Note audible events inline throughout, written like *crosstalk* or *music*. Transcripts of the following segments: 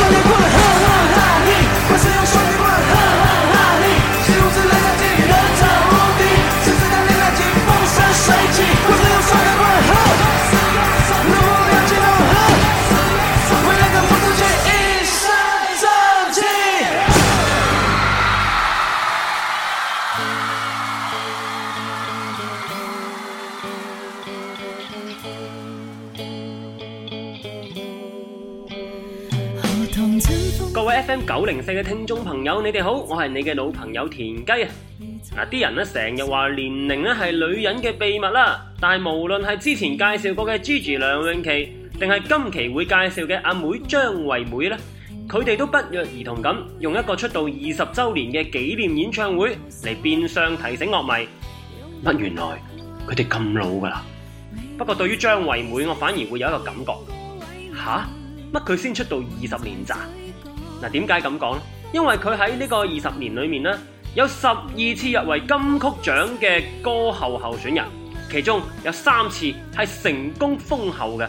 *noise* 各位 FM 九零四嘅聽眾朋友，你哋好，我係你嘅老朋友田雞啊！嗱，啲人呢成日話年齡呢係女人嘅秘密啦，但係無論係之前介紹過嘅 Gigi 梁詠琪，定係今期會介紹嘅阿妹張惠妹呢，佢哋都不約而同咁用一個出道二十周年嘅紀念演唱會嚟變相提醒樂迷。乜原來佢哋咁老噶啦？不過對於張惠妹，我反而會有一個感覺，吓。乜佢先出道二十年咋？嗱、啊，點解咁講咧？因為佢喺呢個二十年裏面咧，有十二次入圍金曲獎嘅歌后候選人，其中有三次係成功封后嘅。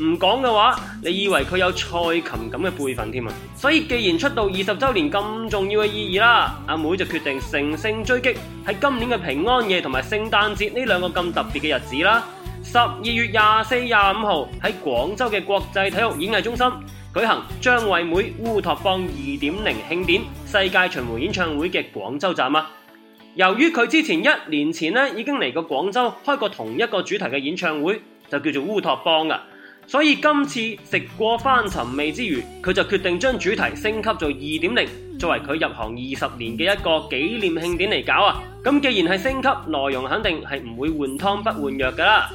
唔講嘅話，你以為佢有蔡琴咁嘅輩份添啊？所以既然出道二十周年咁重要嘅意義啦，阿妹就決定乘勝追擊，喺今年嘅平安夜同埋聖誕節呢兩個咁特別嘅日子啦，十二月廿四廿五號喺廣州嘅國際體育演藝中心舉行張惠妹烏托邦二點零慶典世界巡迴演唱會嘅廣州站啊！由於佢之前一年前呢已經嚟過廣州開過同一個主題嘅演唱會，就叫做烏托邦啊，所以今次食過翻尋味之餘，佢就決定將主題升級做二點零，作為佢入行二十年嘅一個紀念慶典嚟搞啊！咁既然係升級，內容肯定係唔會換湯不換藥噶啦。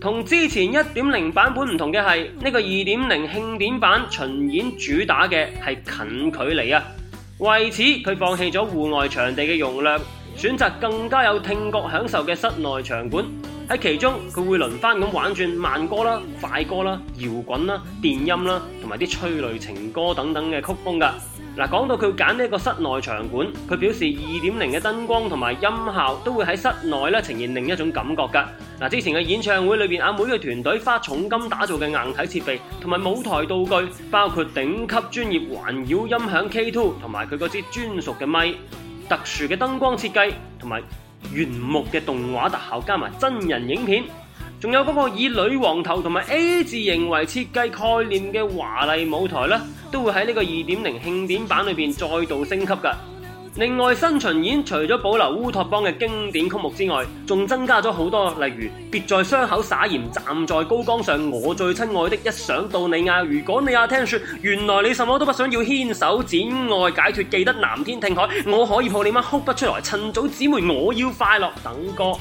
同之前1.0版本唔同嘅係，呢個2.0慶典版巡演主打嘅係近距離啊。為此，佢放棄咗戶外場地嘅容量，選擇更加有聽覺享受嘅室內場館。喺其中，佢會輪番咁玩轉慢歌啦、快歌啦、搖滾啦、電音啦，同埋啲催淚情歌等等嘅曲風㗎。嗱，講到佢揀呢個室內場館，佢表示二點零嘅燈光同埋音效都會喺室內呈現另一種感覺㗎。嗱，之前嘅演唱會裏面，阿妹嘅團隊花重金打造嘅硬體設備同埋舞台道具，包括頂級專業環繞音響 K Two 同埋佢嗰支專屬嘅咪、特殊嘅燈光設計同埋原木嘅動畫特效加埋真人影片。仲有嗰個以女王頭同埋 A 字形為設計概念嘅華麗舞台呢都會喺呢個二點零慶典版裏邊再度升級噶。另外，新巡演除咗保留烏托邦嘅經典曲目之外，仲增加咗好多，例如《別在傷口撒鹽》、《站在高崗上》、《我最親愛的》、《一想到你啊》、《如果你也聽說》、《原來你什麼都不想要》、《牽手剪愛》、《解脫記得藍天聽海》、《我可以抱你嗎》、《哭不出來》、《趁早姊妹》、《我要快樂》等歌。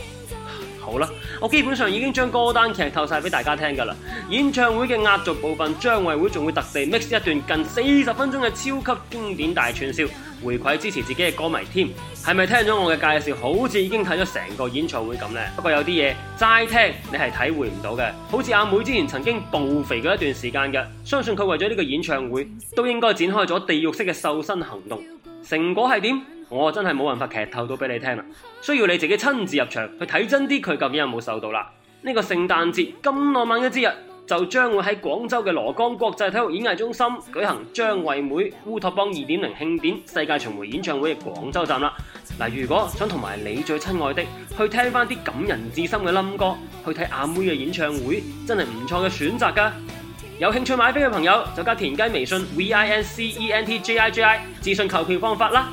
好啦，我基本上已經將歌單劇透晒俾大家聽噶啦。演唱會嘅壓軸部分，張惠妹仲會特地 mix 一段近四十分鐘嘅超級經典大串燒，回饋支持自己嘅歌迷添。係咪聽咗我嘅介紹，好似已經睇咗成個演唱會咁呢？不過有啲嘢齋聽，你係體會唔到嘅。好似阿妹之前曾經暴肥過一段時間嘅，相信佢為咗呢個演唱會，都應該展開咗地獄式嘅瘦身行動。成果係點？我真係冇辦法劇透到俾你聽啦，需要你自己親自入場去睇真啲佢究竟有冇受到啦。呢、這個聖誕節咁浪漫嘅節日，就將會喺廣州嘅蘿崗國際體育演藝中心舉行張惠妹烏托邦二點零慶典世界巡回演唱會嘅廣州站啦。嗱，如果想同埋你最親愛的去聽翻啲感人至深嘅冧歌，去睇阿妹嘅演唱會，真係唔錯嘅選擇噶。有興趣買飛嘅朋友，就加田雞微信 v i n c e n t g i g i 諮詢購票方法啦。